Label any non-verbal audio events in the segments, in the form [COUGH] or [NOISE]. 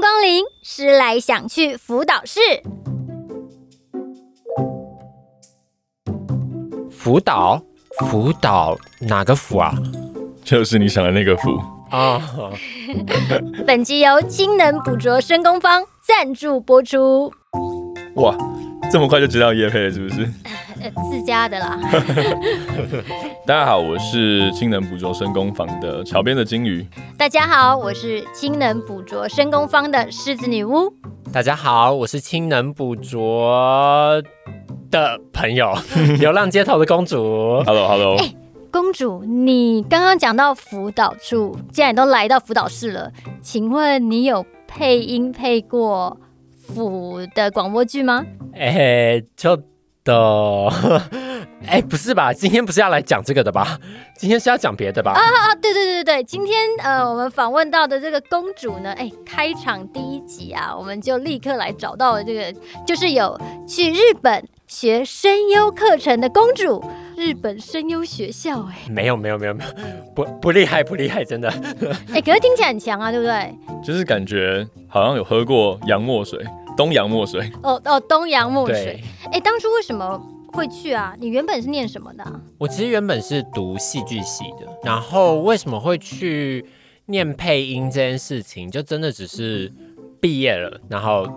光臨，思來想去，腐導室。腐導，腐導哪個腐啊？就是你想的那個腐啊。 [LAUGHS] [LAUGHS] [LAUGHS] 本集由“親能補拙聲攻坊”贊助播出。哇。這麼快就知道業配了，是不是、呃？自家的啦。 [LAUGHS] 大家好，我是親能補拙聲攻坊的橋邊的鯨魚。大家好，我是親能補拙聲攻坊的獅子女屋。大家好，我是親能補拙的朋友， [LAUGHS] 流浪街頭的公主。Hello，Hello [LAUGHS] hello。哎、欸，公主，你剛剛講到輔導處，既然你都來到輔導室了，請問你有配音配過？府的廣播劇嗎？哎、欸，就的，哎、 [LAUGHS] 欸，不是吧？今天不是要來講這個的吧？今天是要講別的吧？啊啊啊！對對對對，今天呃，我們訪問到的這個公主呢，哎、欸，開場第一集啊，我們就立刻來找到了這個，就是有去日本學聲優課程的公主，日本聲優學校、欸。哎，沒有沒有沒有沒有，不不厲害不厲害，真的。哎、 [LAUGHS] 欸，可是聽起來很強啊，對不對？就是感覺好像有喝過洋墨水。東洋墨水哦哦，東洋墨水。哎、oh, oh, 欸，當初為什麼會去啊？你原本是念什麼的、啊？我其實原本是讀戲劇系的。然後為什麼會去念配音這件事情？就真的只是畢業了，然後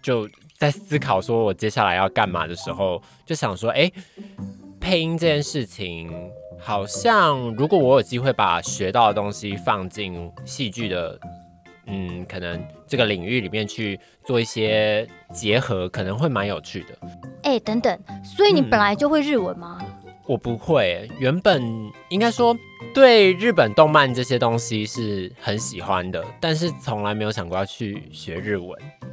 就在思考說我接下來要幹嘛的時候，就想說，哎、欸，配音這件事情，好像如果我有機會把學到的東西放進戲劇的。嗯，可能這個領域裡面去做一些結合，可能會蠻有趣的。哎、欸，等等，所以你本來就會日文嗎、嗯？我不會，原本應該說對日本動漫這些東西是很喜歡的，但是從來沒有想過要去學日文。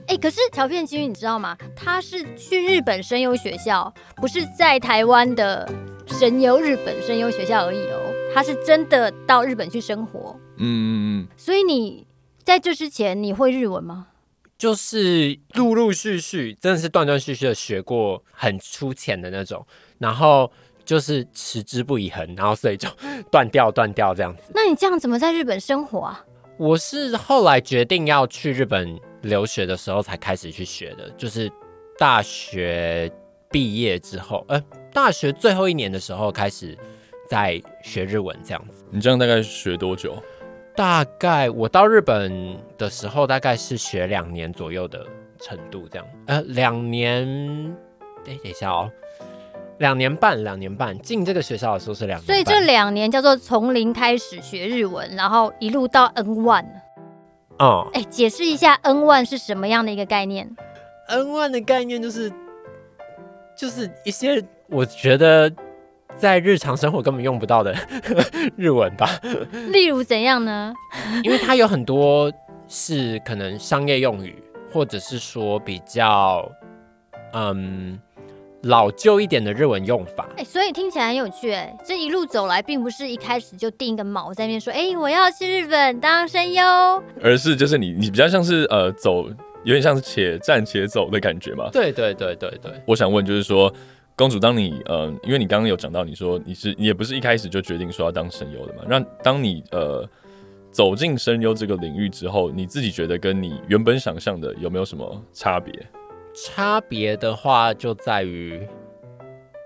哎、欸，可是橋邊的鯨魚，你知道嗎？他是去日本聲優學校，不是在台灣的神遊日本聲優學校而已哦。他是真的到日本去生活。嗯嗯嗯。所以你。在這之前，你會日文嗎？就是陸陸續續，真的是斷斷續續的學過很粗淺的那種，然後就是持之不以恆，然後所以就斷掉斷掉這樣子。那你這樣怎麼在日本生活啊？我是後來決定要去日本留學的時候才開始去學的，就是大學畢業之後，呃、欸，大學最後一年的時候開始在學日文這樣子。你這樣大概學多久？大概我到日本的時候，大概是學兩年左右的程度，這樣。呃，兩年、欸，等一下哦、喔，兩年半，兩年半進這個學校的時候是兩年。所以這兩年叫做從零開始學日文，然後一路到 N one。哦、嗯。哎、欸，解釋一下 N one 是什麼樣的一個概念？N one 的概念就是，就是一些我覺得。在日常生活根本用不到的 [LAUGHS] 日文吧，例如怎樣呢？ [LAUGHS] 因為它有很多是可能商業用語，或者是說比較嗯老舊一點的日文用法。哎、欸，所以聽起來很有趣、欸。哎，這一路走來，並不是一開始就定一個錨在那邊說，哎、欸，我要去日本當聲優，而是就是你你比較像是呃走，有點像是且戰且走的感覺嘛。對，對對對對對。我想問就是說。公主，當你嗯、呃，因為你剛剛有講到，你說你是你也不是一開始就決定說要當聲優的嘛？那當你呃走進聲優這個領域之後，你自己覺得跟你原本想象的有沒有什麼差別？差別的話就在於，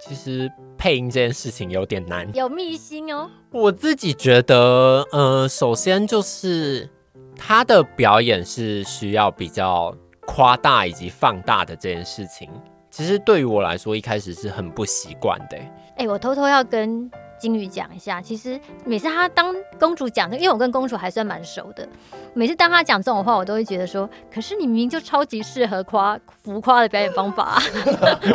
其實配音這件事情有點難，有秘辛哦。我自己覺得，呃，首先就是他的表演是需要比較誇大以及放大的這件事情。其實對於我來說，一開始是很不習慣的、欸。哎、欸，我偷偷要跟金魚講一下，其實每次他當公主講的，因為我跟公主還算蠻熟的，每次當他講這種話，我都會覺得說，可是你明明就超級適合誇浮誇的表演方法、啊， [LAUGHS]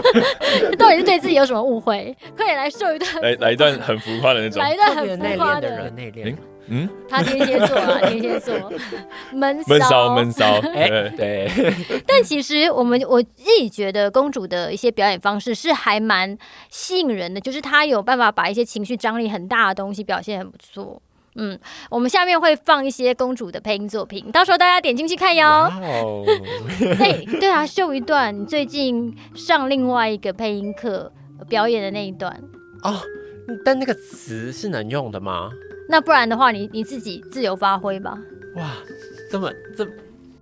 [LAUGHS] [LAUGHS] 到底是對自己有什麼誤會？快點來秀一段，來來一段很浮誇的那種，來一段很浮誇的，內斂。嗯， [LAUGHS] 他天蠍座啊，天 [LAUGHS] 蠍些座悶騷悶騷悶騷，對，但其實我們我自己覺得公主的一些表演方式是還蠻吸引人的，就是她有辦法把一些情緒張力很大的東西表現很不錯。嗯，我們下面會放一些公主的配音作品，到時候大家點進去看喲。哦！嘿，對啊，秀一段你最近上另外一個配音課表演的那一段。哦、oh，但那個詞是能用的嗎？那不然的話你，你你自己自由發揮吧。哇，這麼這麼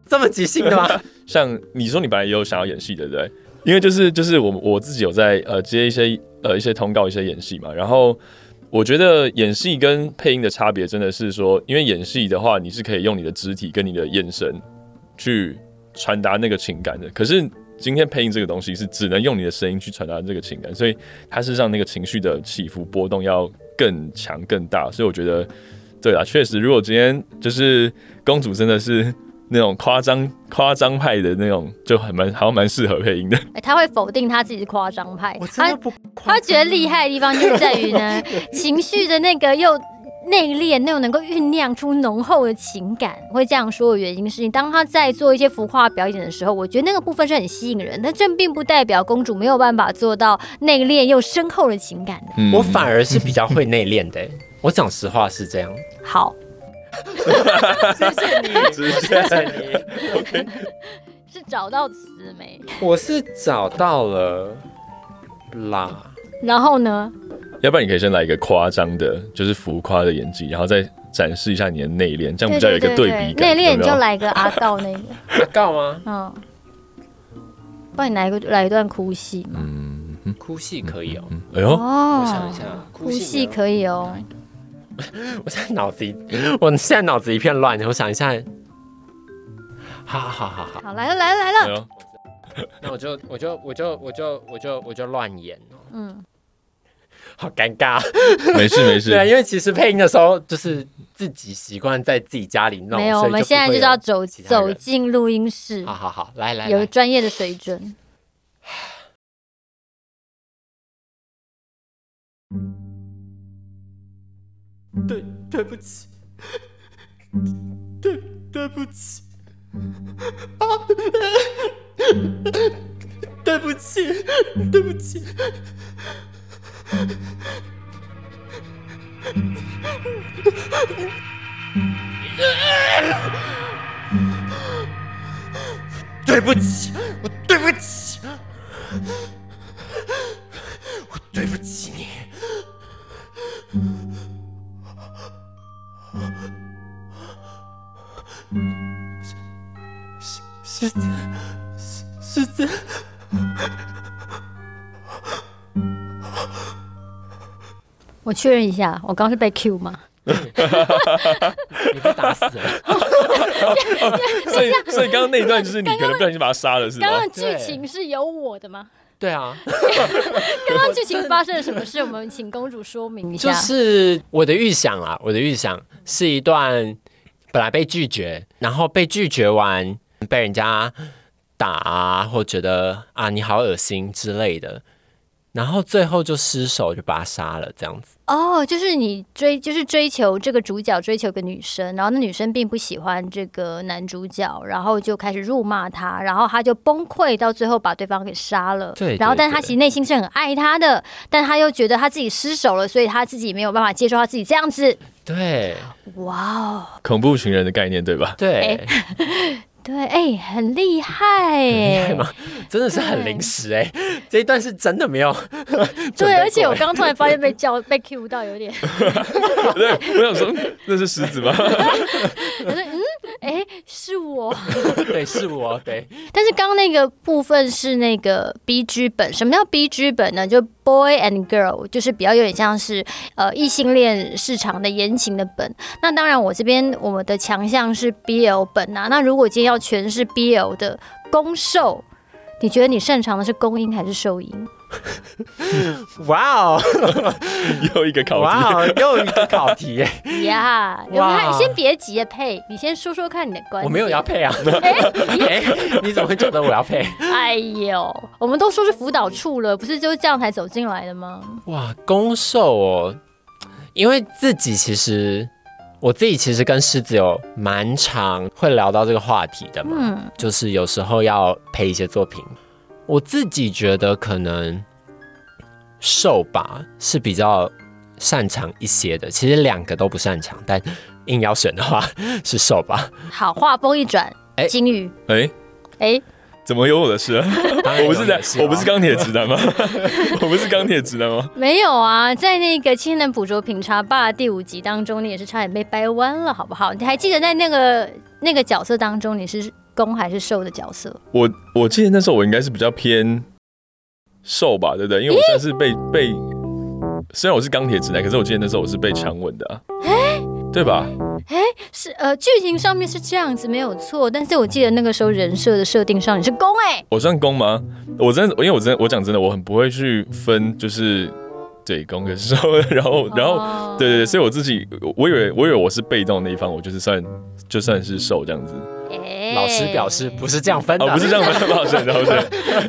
這麼即興的嗎？ [LAUGHS] 像你說，你本來也有想要演戲，對不對？因為就是就是我我自己有在呃接一些呃一些通告，一些演戲嘛。然後我覺得演戲跟配音的差別真的是說，因為演戲的話，你是可以用你的肢體跟你的眼神去傳達那個情感的。可是今天配音這個東西是只能用你的聲音去傳達這個情感，所以它是讓那個情緒的起伏波動要。更強更大，所以我覺得，對啦，確實，如果今天就是公主真的是那種誇張誇張派的那種，就還蠻好像蠻適合配音的。哎、欸，他會否定他自己是誇張派，我不誇張。他他覺得厲害的地方就在於呢， [LAUGHS] 情緒的那個又，內斂，那種能夠醞釀出濃厚的情感，會這樣說的原因是你當他在做一些浮誇表演的時候，我覺得那個部分是很吸引人，但這並不代表公主沒有辦法做到內斂又深厚的情感、嗯。我反而是比較會內斂的、欸， [LAUGHS] 我講實話是這樣。好，謝 [LAUGHS] 謝 [LAUGHS] 你，謝謝你。Okay、 [LAUGHS] 是找到詞沒？我是找到了啦。 [LAUGHS] 然後呢？要不然你可以先來一個誇張的，就是浮誇的演技，然後再展示一下你的內斂，這樣比較有一個對比感。內斂你就來個阿道那個。 [LAUGHS] 阿道嗎？嗯、哦。幫你來一個，來一段哭戲。嗯，哭戲可以哦。哎呦、哦，我想一下，哭戲可以哦。我現在腦子一，我現在腦子一片亂，我想一下。好好好好好。好來了來了來了、哎。那我就我就我就我就我就我就亂演。嗯。好尷尬啊，沒事沒事。 [LAUGHS] 對，因為其實配音的時候，就是自己習慣在自己家裡弄。沒有，有我們現在就要走走進錄音室。好好好，來來，來，有專業的水準 [LAUGHS] [MUSIC] 對，對不起，對對不起，啊，對不起，對不起。對不起對不起，我對不起，我對不起你，師師師師師。我確認一下，我剛是被 Q 嗎？你 [LAUGHS] 被打死了。 [LAUGHS] [LAUGHS] 所以剛剛那一段就是你可能不小心把他殺了是嗎，是吧？剛剛劇情是有我的嗎？對，對啊。剛剛劇情發生了什麼事？我們請公主說明一下。就是我的預想啊，我的預想是一段本來被拒絕，然後被拒絕完被人家打，啊，或覺得啊你好惡心之類的。然後最後就失手，就把他殺了，這樣子。哦、oh，就是你追，就是追求這個主角，追求個女生，然後那女生並不喜歡這個男主角，然後就開始辱罵他，然後他就崩潰，到最後把對方給殺了。對、對、對。然後，但是他其實內心是很愛他的，但他又覺得他自己失手了，所以他自己沒有辦法接受他自己這樣子。對。哇、wow、哦！恐怖情人的概念，對吧？對。 [LAUGHS] 對，哎、欸，很厲害、欸，厲害嗎？真的是很臨時哎、欸，這一段是真的沒有。對，對而且我剛突然發現被叫 [LAUGHS] 被 cue 到有點 [LAUGHS] 對。 [LAUGHS] 對，我想說那是獅子嗎？我 [LAUGHS] 說 [LAUGHS] 嗯，哎、欸，是我。對，是我對。 [LAUGHS] 但是剛剛那個部分是那個 B G 本，什麼叫 B G 本呢？就 Boy and Girl，就是比較有點像是呃異性戀市場的言情的本。那當然，我這邊我們的強項是 B L 本吶、啊。那如果今天要全是 B L 的攻受，你覺得你擅長的是攻音還是受音？哇 [LAUGHS] 哦 Wow， [LAUGHS] 又一個考題，wow, 又一個考題耶。呀、yeah, wow，有你先別急，配，你先說說看你的關係，我沒有要配啊。哎、 [LAUGHS] 欸欸，你怎麼會覺得我要配？哎 [LAUGHS] 呦，我們都說是腐導室了，不是就這樣才走進來的嗎？哇，攻受哦，因為自己其實，我自己其實跟獅子有蠻常會聊到這個話題的嘛。嗯，就是有時候要配一些作品。我自己覺得可能，受吧是比較擅長一些的。其實兩個都不擅長，但硬要選的話是受吧。好，話鋒一轉、欸，鯨魚，哎、欸、哎、欸，怎麼有我的事、啊啊？我不是在， [LAUGHS] 我不是鋼鐵直男嗎？ [LAUGHS] 我不是鋼鐵直男嗎？沒有啊，在那個《親能補拙品茶吧》第五集當中，你也是差點被掰彎了，好不好？你還記得在那個那個角色當中，你是？攻還是受的角色？我我記得那時候我應該是比較偏受吧，對不對？因為我算是被、欸、被，雖然我是鋼鐵直男，可是我記得那時候我是被強吻的、啊，哎、欸，對吧？欸欸、是呃，劇情上面是這樣子沒有錯，但是我記得那個時候人設的設定上你是攻哎、欸，我算攻嗎？我真的因為我真的我講真的我很不會去分就是對攻跟受，然後然後、哦、對對、對，所以我自己我以為我以為我是被動的那一方，我就是算就算是受這樣子。老師表示不是這樣分的、欸，欸欸欸欸欸哦，、不是這樣分的，老師，然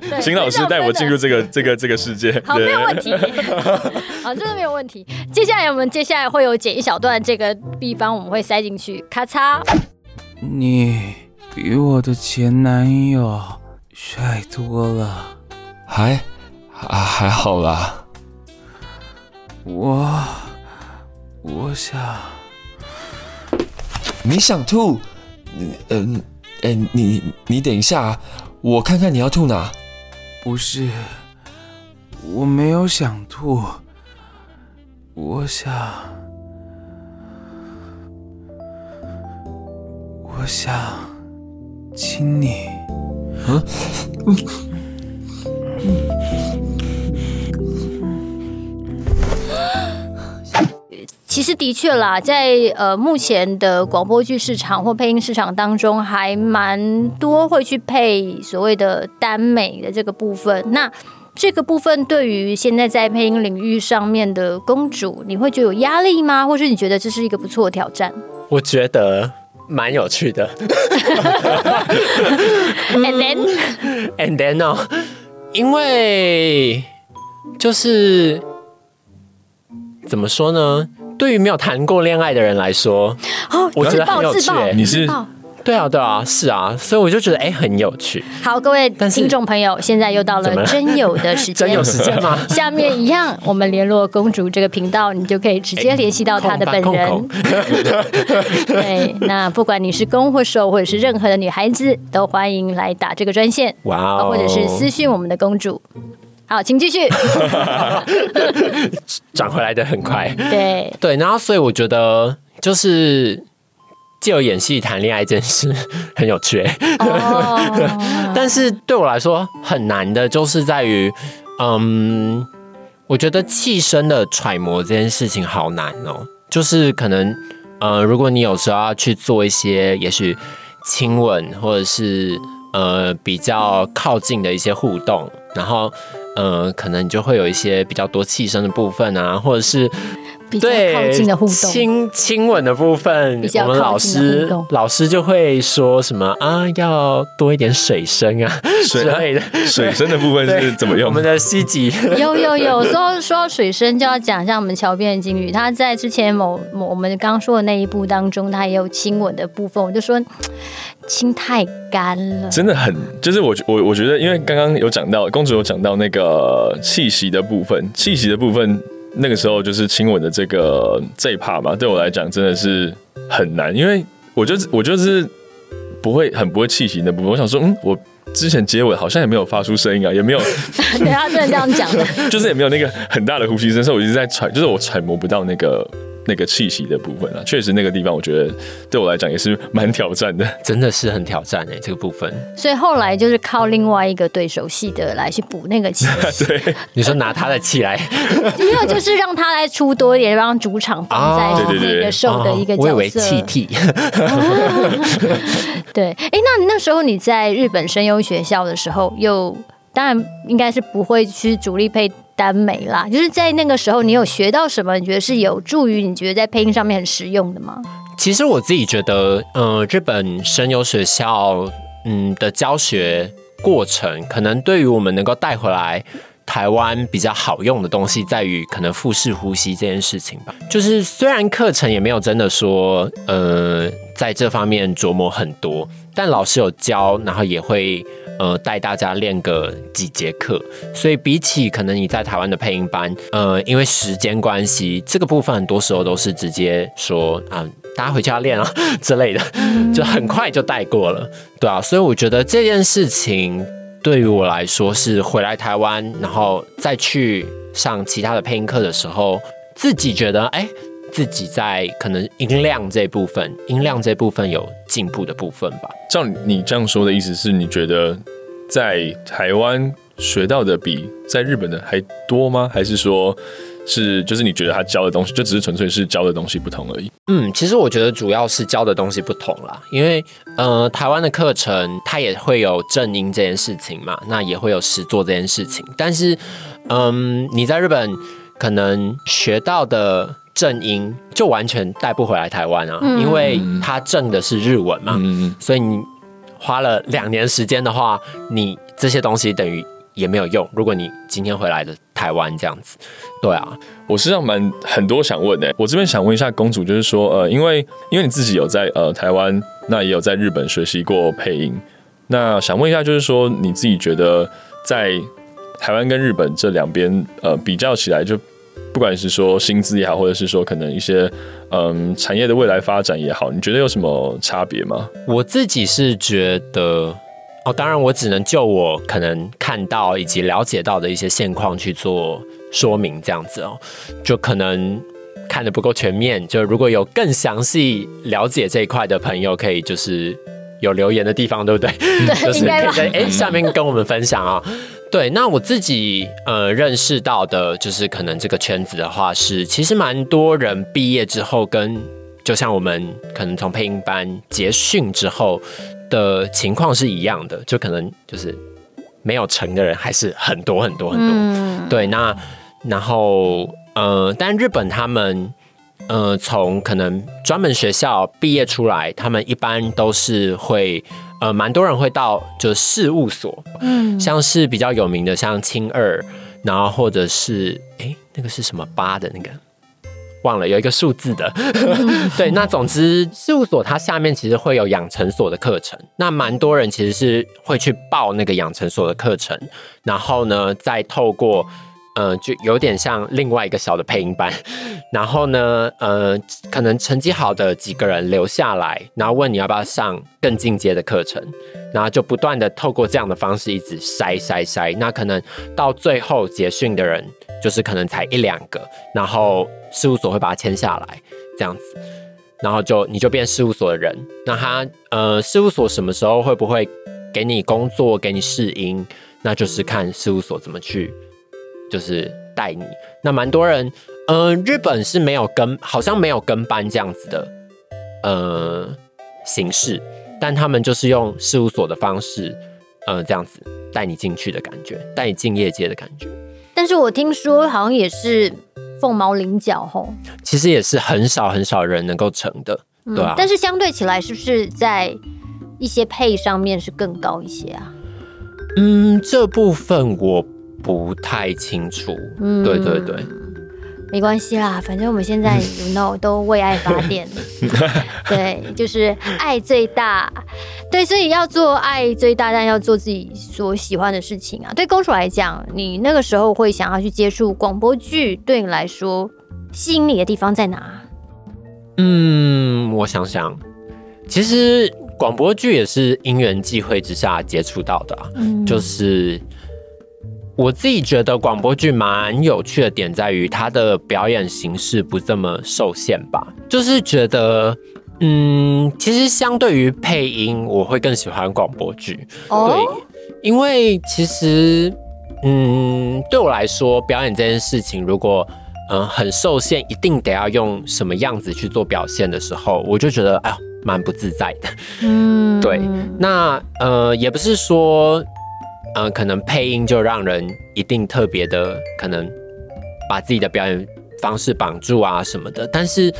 後是請老師帶我進入這個這個這個世界，好，沒有問題，啊，這個沒有問題。 [LAUGHS] 接下來我們接下來會有剪一小段這個地方，我們會塞進去，咔嚓。你比我的前男友帥多了還，還還還好啦。我我想，你想吐？嗯。哎，你你等一下啊，我看看你要吐哪。不是，我沒有想吐，我想，我想親你。啊。嗯。嗯其實的確啦，在呃目前的廣播劇市場或配音市場當中，還蠻多會去配所謂的耽美的這個部分。那這個部分對於現在在配音領域上面的公主，你會覺得有壓力嗎？或是你覺得這是一個不錯的挑戰？我覺得蠻有趣的。 [LAUGHS] [LAUGHS] And then, and then 呢？Oh, 因為就是怎麼說呢？對於沒有談過戀愛的人來說，哦，我是自暴自棄，你是、啊、對啊，對啊，是啊，所以我就覺得哎，很有趣。好，各位聽眾朋友，現在又到了真有的時間，真有時間嗎？下面一樣，我們聯絡公主這個頻道，你就可以直接聯繫到她的本人。欸、控控控對， [LAUGHS] 那不管你是攻或受，或者是任何的女孩子，都歡迎來打這個專線。哇哦，或者是私訊我們的公主。好，請繼續。轉 [LAUGHS] 回來的很快，嗯、對對。然後，所以我覺得就是藉由演戲談戀愛這件事很有趣，哦、 [LAUGHS] 但是對我來說很難的，就是在於，嗯，我覺得氣聲的揣摩這件事情好難哦、喔。就是可能，呃，如果你有時候要去做一些，也許親吻或者是呃比較靠近的一些互動，然後。嗯，可能你就會有一些比較多氣聲的部分啊，或者是。靠近的互動對，親親吻的部分，比較，我們老師老師就會說什麼啊，要多一點水聲啊，之類的。水聲的部分是怎麼用的？我們在 c 氣。有有有， [LAUGHS] 說到說水聲，就要講一下我們橋邊的鯨魚。他在之前某、某我們剛說的那一部當中，他也有親吻的部分。我就說，親太乾了，真的很。就是我我我覺得，因為剛剛有講到公主有講到那個氣息的部分，氣息的部分。那個時候就是親吻的這個這一趴嘛，對我來講真的是很難，因為我就是我就是不會很不會氣息的部分，我想說，嗯，我之前接吻好像也沒有發出聲音啊，也沒有，對 [LAUGHS] 他真的這樣講的，就是也沒有那個很大的呼吸聲，所以我一直在揣，就是我揣摩不到那個。那個氣息的部分啊，確實那個地方，我覺得對我來講也是蠻挑戰的，真的是很挑戰哎、欸，這個部分。所以後來就是靠另外一個對手戲的來去補那個氣。 [LAUGHS] 對，你說拿他的氣來，沒有，就是讓他來出多一點，讓主場放在自己的受的一個角色。我以為氣 [LAUGHS] 體、啊。 [LAUGHS] [LAUGHS] 對，哎、欸，那那時候你在日本聲優學校的時候，又當然應該是不會去主力配。耽美啦，就是在那個時候，你有學到什麼？你覺得是有助於你覺得在配音上面很實用的嗎？其實我自己覺得，呃，日本聲優學校，嗯，的教學過程，可能對於我們能夠帶回來台灣比較好用的東西，在於可能腹式呼吸這件事情吧。就是雖然課程也沒有真的說，呃，在這方面琢磨很多，但老師有教，然後也會。呃，帶大家練個幾節課，所以比起可能你在台灣的配音班，呃，因為時間關係，這個部分很多時候都是直接說啊，大家回家練啊之類的，就很快就帶過了，對啊。所以我覺得這件事情對於我來說是回來台灣，然後再去上其他的配音課的時候，自己覺得哎。欸自己在可能音量這部分，音量這部分有進步的部分吧。照你這樣說的意思是，你覺得在台灣學到的比在日本的還多嗎？還是說是就是你覺得他教的東西，就只是純粹是教的東西不同而已？嗯，其實我覺得主要是教的東西不同啦，因為呃，台灣的課程它也會有正音這件事情嘛，那也會有實作這件事情，但是嗯、呃，你在日本可能學到的。正音就完全帶不回來台灣啊、嗯，因為它正的是日文嘛，嗯、所以你花了兩年時間的話，你這些東西等於也沒有用。如果你今天回來的台灣這樣子，對啊，我身上蠻很多想問的。我這邊想問一下公主，就是說，呃，因為因為你自己有在呃台灣，那也有在日本學習過配音，那想問一下，就是說你自己覺得在台灣跟日本這兩邊呃比較起來就。不管是說薪資也好，或者是說可能一些嗯產業的未來發展也好，你覺得有什麼差別嗎？我自己是覺得哦，當然我只能就我可能看到以及了解到的一些現況去做說明，這樣子哦，就可能看得不夠全面。就如果有更詳細了解這一塊的朋友，可以就是。有留言的地方，對不對？對， [LAUGHS] 就是、應該吧。哎，下面跟我們分享啊、哦。 [LAUGHS] 對，那我自己呃認識到的，就是可能這個圈子的話是，是其實蠻多人畢業之後跟就像我們可能從配音班結訓之後的情況是一樣的，就可能就是沒有成的人還是很多很多很多。嗯、對。那然後呃，但日本他們。呃，從可能專門學校畢業出來，他們一般都是會呃，蠻多人會到就是事務所，嗯，像是比較有名的像青二，然後或者是誒、欸，那個是什麼八的那個，忘了有一個數字的，嗯、 [LAUGHS] 對。那總之事務所它下面其實會有養成所的課程，那蠻多人其實是會去報那個養成所的課程，然後呢再透過。嗯，就有點像另外一個小的配音班， [LAUGHS] 然後呢，呃，可能成績好的幾個人留下來，然後問你要不要上更進階的課程，然後就不斷的透過這樣的方式一直篩篩篩，那可能到最後結訓的人就是可能才一兩個，然後事務所會把他簽下來，這樣子，然後就你就變事務所的人，那他呃，事務所什麼時候會不會給你工作給你試音，那就是看事務所怎麼去。就是帶你，那蠻多人，嗯、呃，日本是沒有跟，好像沒有跟班這樣子的，呃，形式，但他們就是用事務所的方式，呃，這樣子帶你進去的感覺，帶你進業界的感覺。但是我聽說好像也是鳳毛麟角齁，其實也是很少很少人能夠成的，對啊，嗯，但是相對起來，是不是在一些配上面是更高一些啊？嗯，這部分我，不太清楚，嗯，對對對，沒關係啦，反正我們現在 [LAUGHS] you know 都為愛發電了， [LAUGHS] 對，就是愛最大，對，所以要做愛最大，但要做自己所喜歡的事情啊。對公主來講，你那個時候會想要去接觸廣播劇，對你來說，吸引你的地方在哪？嗯，我想想，其實廣播劇也是因緣際會之下接觸到的，嗯，就是。我自己覺得廣播劇蠻有趣的點在於它的表演形式不這麼受限吧，就是覺得嗯，其實相對於配音，我會更喜歡廣播劇。對，因為其實嗯，對我來說表演這件事情，如果嗯、呃、很受限，一定得要用什麼樣子去做表現的時候，我就覺得哎呀，蠻不自在的。嗯，對，那呃也不是說。嗯、呃，可能配音就讓人一定特別的，可能把自己的表演方式綁住啊什麼的。但是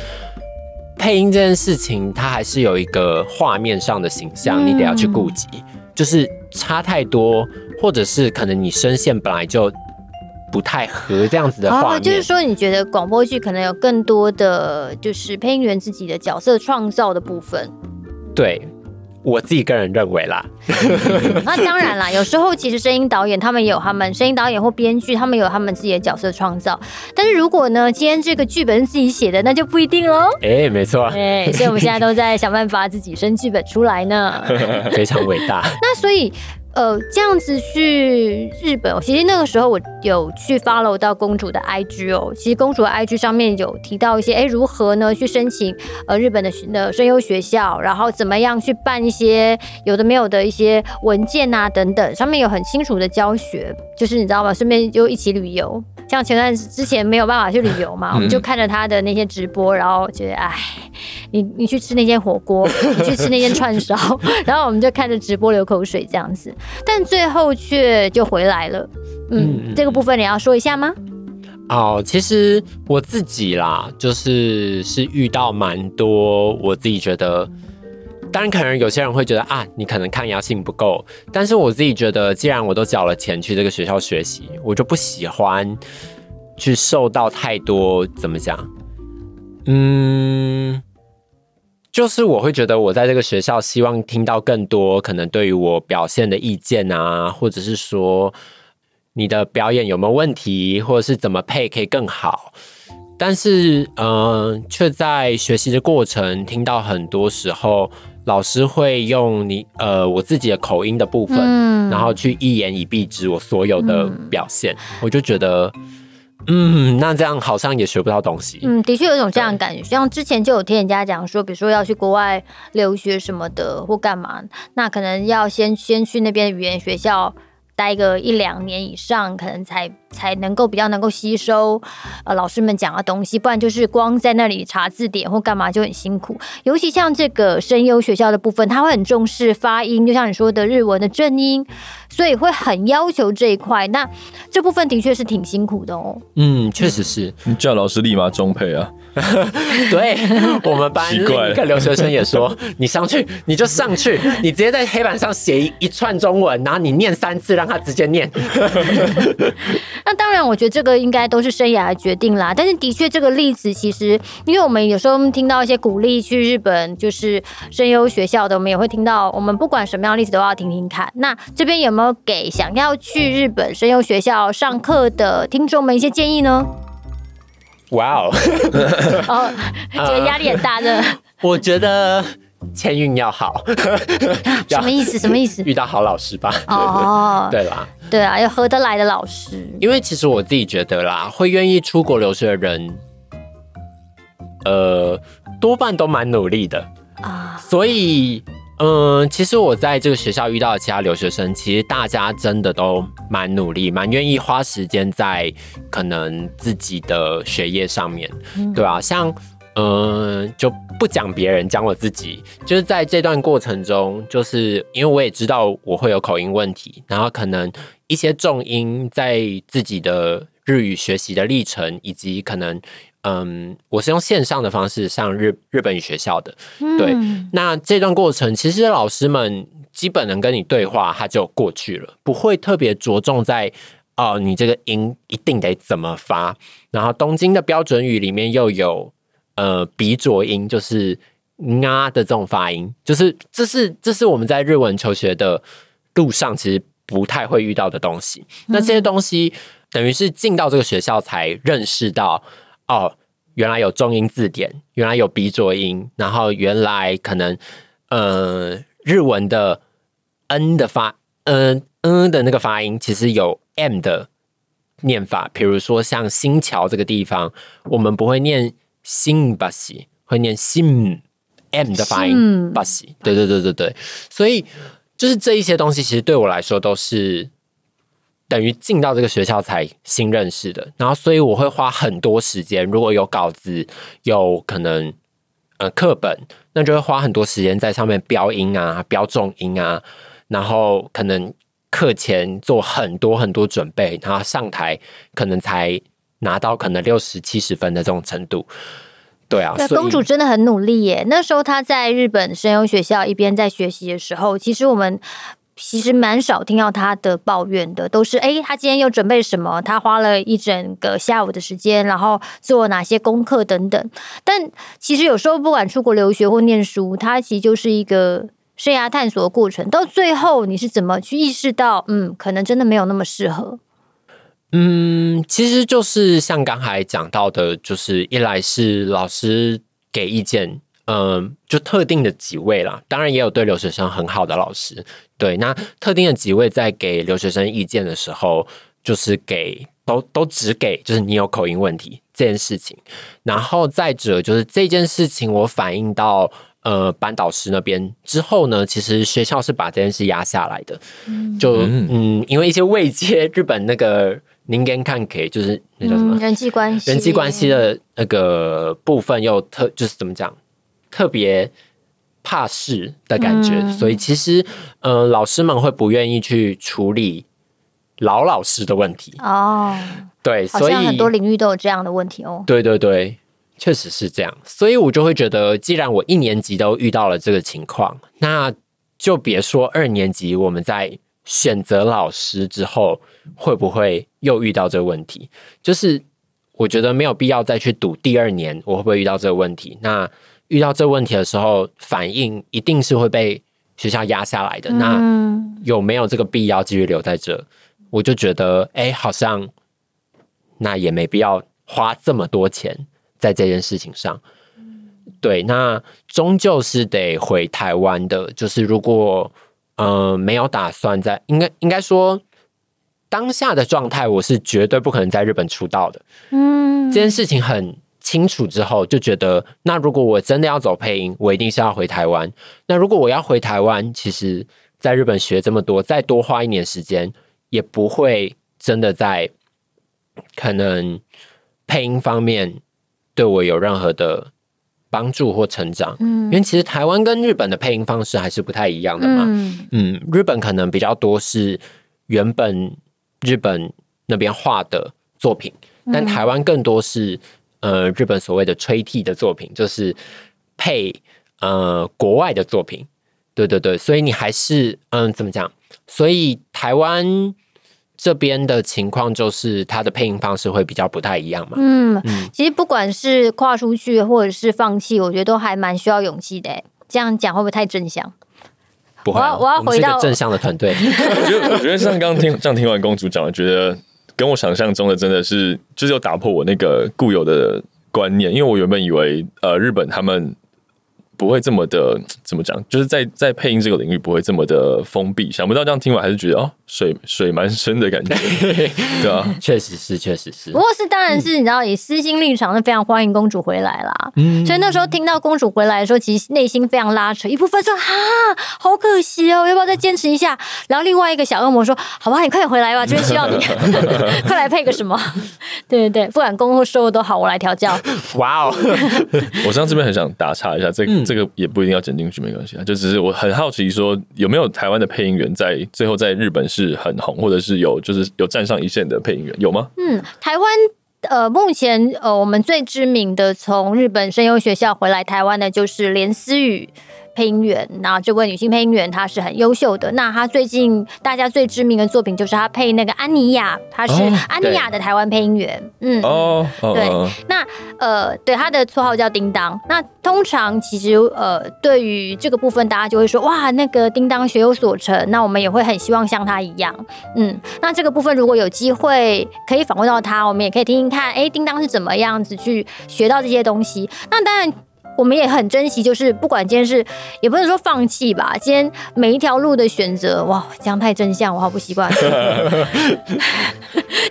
配音這件事情，它還是有一個畫面上的形象，嗯、你得要去顧及。就是差太多，或者是可能你聲線本來就不太合這樣子的畫面。啊，就是說你覺得廣播劇可能有更多的，就是配音員自己的角色創造的部分。對。我自己個人認為啦 [LAUGHS] ，那當然啦。有時候其實聲音導演他們也有他們聲音導演或編劇他們也有他們自己的角色創造，但是如果呢，今天這個劇本是自己寫的，那就不一定嘍。哎、欸，沒錯。哎、欸，所以我們現在都在想辦法自己生劇本出來呢， [LAUGHS] 非常偉大。 [LAUGHS] 那所以。呃，這樣子去日本，其實那個時候我有去 follow 到公主的 IG 哦。其實公主的 IG 上面有提到一些，哎、欸，如何呢，去申請呃日本的的聲優學校，然後怎麼樣去辦一些有的沒有的一些文件啊等等，上面有很清楚的教學，就是你知道嗎？順便就一起旅遊。像前段之前沒有辦法去旅遊嘛，我們就看着他的那些直播，然後覺得哎，你你去吃那些火鍋，你去吃那些串燒， [LAUGHS] 然後我們就看着直播流口水這樣子。但最後卻就回來了。嗯，嗯，這個部分你要說一下嗎？哦，其實我自己啦，就是是遇到蠻多，我自己覺得。當然可能有些人會覺得啊，你可能抗壓性不夠，但是我自己覺得，既然我都繳了錢去這個學校學習，我就不喜歡去受到太多，怎麼講？嗯。就是我會覺得，我在這個學校希望聽到更多可能對於我表現的意見啊，或者是說你的表演有沒有問題，或者是怎麼配可以更好。但是，嗯、呃，卻在學習的過程聽到很多時候，老師會用你呃我自己的口音的部分、嗯，然後去一言以蔽之我所有的表現，嗯、我就覺得。嗯，那這樣好像也學不到東西。嗯，的確有一種這樣的感覺。像之前就有聽人家講說，比如說要去國外留學什麼的，或幹嘛，那可能要先先去那邊語言學校。待個一兩年以上，可能才才能夠比較能夠吸收呃老師們講的東西，不然就是光在那裡查字典或幹嘛就很辛苦。尤其像這個聲優學校的部分，他會很重視發音，就像你說的日文的正音，所以會很要求這一塊。那這部分的確是挺辛苦的哦。嗯，確實是你叫老師立馬中配啊。 [LAUGHS] [LAUGHS] 對 [LAUGHS] 我們班一個留學生也說：“ [LAUGHS] 你上去，你就上去，你直接在黑板上寫一串中文，然後你念三次，讓他直接念。 [LAUGHS] ” [LAUGHS] [LAUGHS] 那當然，我覺得這個應該都是生涯的決定啦。但是的確，這個例子其實，因為我們有時候聽到一些鼓勵去日本就是聲優學校的，我們也會聽到。我們不管什麼樣的例子都要聽聽看。那這邊有沒有給想要去日本聲優學校上課的聽眾們一些建議呢？哇哦！哦，覺得壓力很大的，的、uh, 我覺得籤運要好， [LAUGHS] 要什麼意思？什麼意思？遇到好老師吧？哦，oh, oh, oh. 對啦，對啊，有合得來的老師。因為其實我自己覺得啦，會願意出國留學的人，呃，多半都蠻努力的啊，oh. 所以。嗯，其實我在這個學校遇到的其他留學生，其實大家真的都蠻努力，蠻願意花時間在可能自己的學業上面，對啊。像，嗯，就不講別人，講我自己，就是在這段過程中，就是因為我也知道我會有口音問題，然後可能一些重音在自己的日語學習的歷程，以及可能。嗯，我是用線上的方式上日日本語學校的、嗯，對。那這段過程，其實老師們基本能跟你對話，他就過去了，不會特別着重在啊、呃，你這個音一定得怎麼發。然後東京的標準語裡面又有呃鼻濁音，就是啊的這種發音，就是這是這是我們在日文求學的路上其實不太會遇到的東西。嗯、那這些東西等於是進到這個學校才認識到。哦，原來有重音字典，原來有鼻濁音，然後原來可能，呃，日文的 n 的發，嗯、呃、嗯的那個發音，其實有 m 的念法。比如說像新橋這個地方，我們不會念新巴西，會念新 m 的發音巴西。對對對對對，所以就是這一些東西，其實對我來說都是。等於進到這個學校才新認識的，然後所以我會花很多時間。如果有稿子，有可能呃課本，那就會花很多時間在上面標音啊、標重音啊，然後可能課前做很多很多準備，然後上台可能才拿到可能六十七十分的這種程度。對啊，那公主真的很努力耶。那時候她在日本聲優學校一邊在學習的時候，其實我們。其實蠻少聽到他的抱怨的，都是哎，他今天又準備什麼？他花了一整個下午的時間，然後做了哪些功課等等。但其實有時候不管出國留學或念書，它其實就是一個生涯探索的過程。到最後，你是怎麼去意識到，嗯，可能真的沒有那麼適合？嗯，其實就是像剛才講到的，就是一來是老師給意見。嗯，就特定的幾位啦，當然也有對留學生很好的老師。對，那特定的幾位在給留學生意見的時候，就是給都都只給就是你有口音問題這件事情。然後再者就是這件事情，我反映到呃班導師那邊之後呢，其實學校是把這件事壓下來的。嗯，就嗯，因為一些未接日本那個人間関係，就是那叫什麼？嗯、人際關係、人際關係的那個部分又特，就是怎麼講？特別怕事的感覺，嗯、所以其實，嗯、呃，老師們會不願意去處理老老師的問題哦。對，所以很多領域都有這樣的問題哦。對對對，確實是這樣。所以，我就會覺得，既然我一年級都遇到了這個情況，那就別說二年級。我們在選擇老師之後，會不會又遇到這個問題？就是我覺得沒有必要再去賭第二年我會不會遇到這個問題。那遇到這問題的時候，反應一定是會被學校壓下來的。那有沒有這個必要繼續留在這？嗯。我就覺得，哎、欸，好像那也沒必要花這麼多錢在這件事情上。嗯。對，那終究是得回台灣的。就是如果，嗯、呃，沒有打算在，應該應該說，當下的狀態，我是絕對不可能在日本出道的。嗯，這件事情很。清楚之後，就覺得，那如果我真的要走配音，我一定是要回台灣。那如果我要回台灣，其實在日本學這麼多，再多花一年時間，也不會真的在可能配音方面對我有任何的幫助或成長。嗯，因為其實台灣跟日本的配音方式還是不太一樣的嘛。嗯，嗯，日本可能比較多是原本日本那邊畫的作品，但台灣更多是。呃，日本所謂的吹替的作品，就是配呃國外的作品，對對對，所以你還是嗯怎麼講？所以台灣這邊的情況，就是它的配音方式會比較不太一樣嘛。嗯，嗯其實不管是跨出去或者是放棄，我覺得都還蠻需要勇氣的。這樣講會不會太正向？不，我要我要回到正向的團隊。我覺得像剛剛聽這樣聽完公主講，我覺得。跟我想象中的真的是，就是有打破我那個固有的觀念，因為我原本以為呃日本他們不會這麼的，怎麼講，就是在在配音這個領域不會這麼的封閉，想不到這樣聽完還是覺得哦。水水蠻深的感覺，對 [LAUGHS] 啊，確實是，確實是。不過是，是當然是、嗯、你知道，以私心立場是非常歡迎公主回來啦、嗯。所以那時候聽到公主回來的時候，其實內心非常拉扯。一部分說啊，好可惜哦，要不要再堅持一下？ [LAUGHS] 然後另外一個小惡魔說：“好吧，你快點回來吧，這邊需要你， [LAUGHS] [LAUGHS] [LAUGHS] 快來配個什麼？”對對對，不管工作或收入都好，我來調教。哇、wow、哦！ [LAUGHS] [LAUGHS] 我上次這邊很想打岔一下，這個嗯、這個也不一定要剪進去，沒關係啊。就只是我很好奇說，說有沒有台灣的配音員在最後在日本，是很紅，或者是有，就是有站上一線的配音員，有嗎？嗯，台灣呃，目前呃，我們最知名的從日本聲優學校回來台灣的，就是連思雨。配音員，那這位女性配音員她是很優秀的。那她最近大家最知名的作品就是她配那個安妮雅。她是安妮雅的台灣配音員。嗯，哦，對，嗯嗯、對，那呃，對，她的綽號叫叮噹。那通常其實呃，對於這個部分，大家就會說哇，那個叮噹學有所成。那我們也會很希望像她一樣，嗯，那這個部分如果有機會可以訪問到她，我們也可以聽聽看，誒、欸，叮噹是怎麼樣子去學到這些東西？那當然。我們也很珍惜，就是不管今天是，也不是說放棄吧。今天每一條路的選擇，哇，這樣太真相，我好不習慣、啊。 [LAUGHS] [LAUGHS]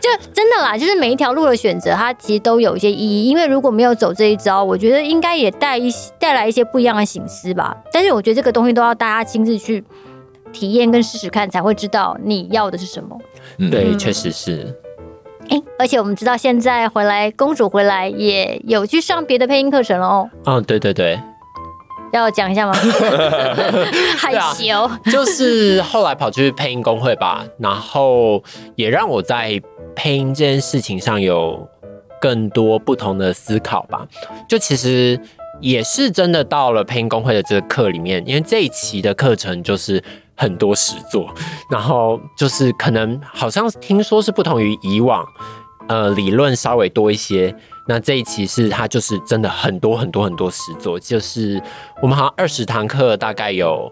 就真的啦，就是每一條路的選擇，它其實都有一些意義。因為如果沒有走這一招，我覺得應該也帶一些帶來一些不一樣的省思吧。但是我覺得這個東西都要大家親自去體驗跟試試看，才會知道你要的是什麼？對，嗯、確實是。哎、欸，而且我們知道現在回來，公主回來也有去上別的配音課程了哦。嗯，對對對，要講一下嗎？害 [LAUGHS] 羞 [LAUGHS] [LAUGHS] 對、啊， [LAUGHS] 就是後來跑去配音工會吧，然後也讓我在配音這件事情上有更多不同的思考吧。就其實也是真的到了配音工會的這個課裡面，因為這一期的課程就是。很多實作，然後就是可能好像聽說是不同於以往，呃，理論稍微多一些。那這一期是他就是真的很多很多很多實作，就是我們好像二十堂課大概有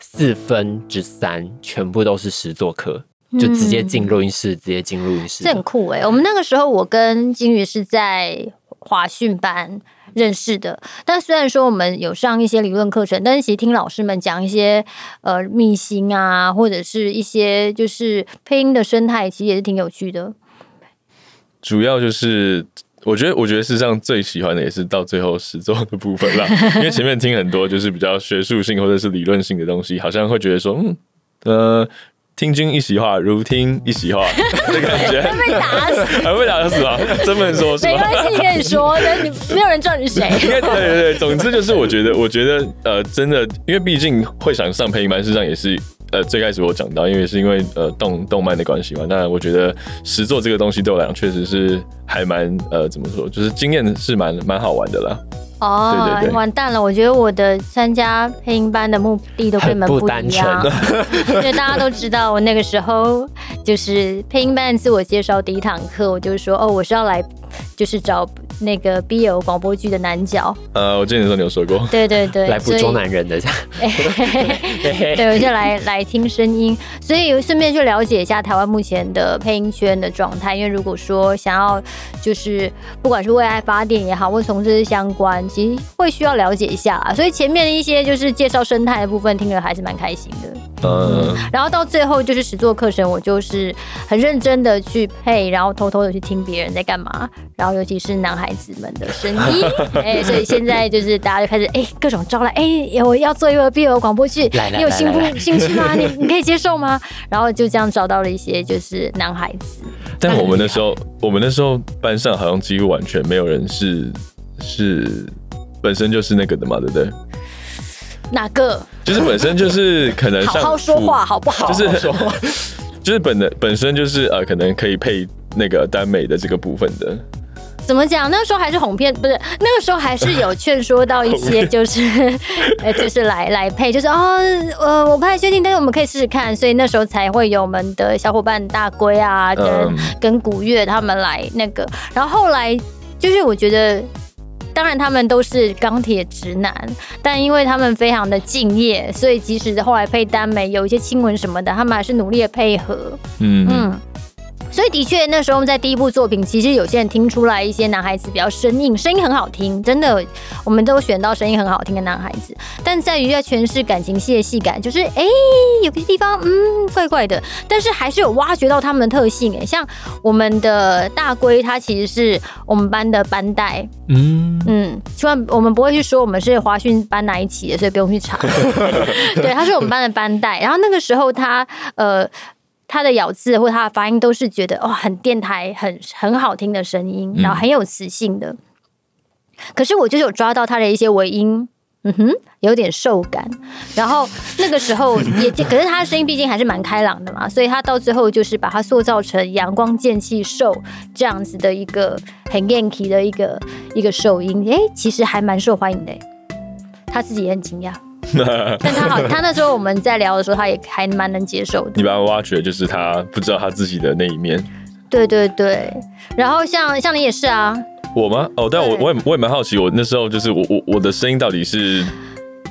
四分之三全部都是實作課，嗯，就直接進錄音室，直接進錄音室，嗯。這很酷哎，欸！我們那個時候，我跟鯨魚是在華訓班。認識的，但雖然說我們有上一些理論課程，但是其實聽老師們講一些呃祕辛啊，或者是一些就是配音的生態，其實也是挺有趣的。主要就是我覺得，我覺得事實上最喜歡的也是到最後實作的部分了， [LAUGHS] 因為前面聽很多就是比較學術性或者是理論性的東西，好像會覺得說嗯呃。聽君一席話，如聽一席話的感覺，會 [LAUGHS] 被打死， [LAUGHS] 還會打死啊！ [LAUGHS] 真不能說說， [LAUGHS] 沒關係，跟你說，人你沒有人叫你誰？ [LAUGHS] 對對對，總之就是我覺得，我覺得呃，真的，因為畢竟會想上配音班，事實上也是呃，最開始我講到，因為是因為呃動動漫的關係嘛。那我覺得實作這個東西對我來講確實是還蠻呃怎麼說，就是經驗是蠻蠻好玩的啦。哦、oh,，完蛋了！我覺得我的參加配音班的目的都跟你們不一樣，因為 [LAUGHS] [LAUGHS] 大家都知道，我那個時候就是配音班自我介紹第一堂課，我就說，哦，我是要來，就是找。那個 BL 廣播劇的男角，呃、uh,，我記得你說你有說過，對對對，來補妝男人的這 [LAUGHS] [LAUGHS] 對，我就來來聽聲音，所以順便去了解一下台灣目前的配音圈的狀態，因為如果說想要就是不管是為愛發電也好，或從事相關，其實會需要了解一下、啊、所以前面的一些就是介紹生態的部分，聽了還是蠻開心的，uh... 嗯，然後到最後就是實作課程，我就是很認真的去配，然後偷偷的去聽別人在幹嘛，然後尤其是男孩。孩子們的聲音，哎、 [LAUGHS] 欸，所以現在就是大家就開始哎、欸，各種招來。哎、欸，我要做一個 BL 廣播劇，你有興不興趣嗎？你你可以接受嗎？然後就這樣找到了一些就是男孩子。但我們那時候，我們那時候班上好像幾乎完全沒有人是是本身就是那個的嘛，對不對？哪個？就是本身就是可能 [LAUGHS] 好好說話，好不好？就是 [LAUGHS] 就是本的本身就是呃，可能可以配那個耽美的這個部分的。怎麼講？那個時候還是哄騙，不是那個時候還是有勸說到一些，就是呃， [LAUGHS] [LAUGHS] 就是來來配，就是哦，呃，我不太確定，但是我們可以試試看。所以那時候才會有我們的小伙伴大龜啊，跟、um. 跟古月他們來那個。然後後來就是我覺得，當然他們都是鋼鐵直男，但因為他們非常的敬業，所以即使後來配耽美有一些親吻什麼的，他們還是努力的配合。嗯嗯。所以的確，那時候我們，在第一部作品，其實有些人聽出來一些男孩子比較生硬，聲音很好聽，真的，我們都選到聲音很好聽的男孩子。但在於在詮釋感情戲的戲感，就是哎、欸，有些地方嗯怪怪的，但是還是有挖掘到他們的特性。哎，像我們的大龜，他其實是我們班的班代，嗯嗯，希望我們不會去說我們是華訊班哪一期的，所以不用去查。 [LAUGHS] [LAUGHS] 對，他是我們班的班代。然後那個時候他呃。他的咬字或他的發音都是覺得哦，很電台，很很好聽的聲音，然後很有磁性的。嗯、可是我就有抓到他的一些尾音，嗯哼，有點受感。然後那個時候也， [LAUGHS] 可是他的聲音畢竟還是蠻開朗的嘛，所以他到最後就是把他塑造成陽光犬系受這樣子的一個很元氣的一個一個受音，哎、欸，其實還蠻受歡迎的、欸。他自己也很驚訝。 [LAUGHS] 但他好， [LAUGHS] 他那時候我們在聊的時候，他也還蠻能接受的。你把他挖掘，就是他不知道他自己的那一面。對對對，然後像像你也是啊，我嗎？哦，但我我也我也蠻好奇，我那時候就是我我我的聲音到底是。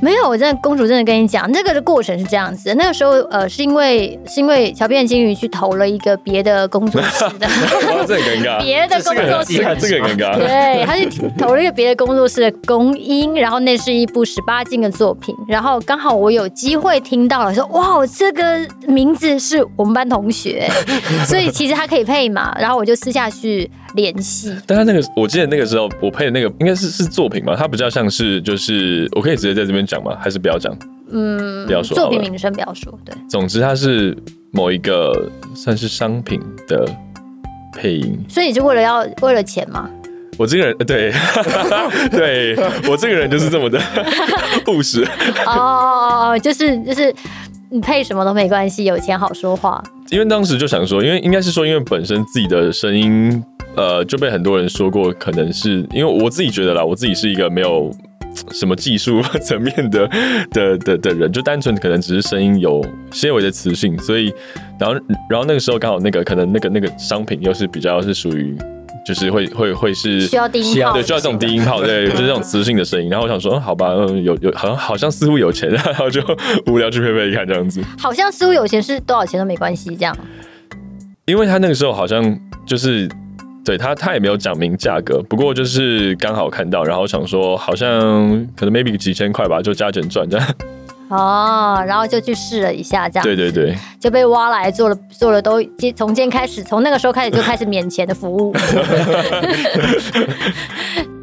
沒有，我真的公主真的跟你講，那個的過程是這樣子的。那個時候，呃，是因為是因為橋邊的鯨魚去投了一個別的工作室的， [LAUGHS] 這個很尷尬。別的工作室，這，這個很，這很尷尬。對，他去投了一個別的工作室的公音，然後那是一部十八禁的作品，然後剛好我有機會聽到了說，說哇，這個名字是我們班同學，所以其實他可以配嘛，然後我就私下去。聯繫，但他那個，我記得那個時候我配的那個，應該是是作品嘛，它比較像是就是，我可以直接在這邊講嗎？還是不要講？嗯，不要說、嗯、作品名聲不要說。對，總之它是某一個算是商品的配音，所以你就為了要為了錢嗎？我這個人，對， [LAUGHS] [LAUGHS] 對我這個人就是這麼的務實。哦哦哦哦，就是就是。你配什麼都沒關係，有錢好說話。因為當時就想說，因為應該是說，因為本身自己的聲音，呃，就被很多人說過，可能是因為我自己覺得啦，我自己是一個沒有什麼技術層面的的的的人，就單純可能只是聲音有些微的磁性，所以，然後然後那個時候剛好那個可能那個那個商品又是比較是屬於。就是會會會是需要低音炮，對，需要這種低音炮，對，就是這種磁性的聲音。 [LAUGHS] 然後我想說，嗯、好吧，有有好像好像似乎有錢，然後就無聊去配配看這樣子。好像似乎有錢是多少錢都沒關係這樣。因為他那個時候好像就是對他他也沒有講明價格，不過就是剛好看到，然後想說好像可能 maybe 幾千塊吧，就加減賺這樣。哦，然後就去試了一下，這樣子。對對對，就被挖來做了做了都，都從今天開始，從那個時候開始就開始免錢的服務。 [LAUGHS] [LAUGHS]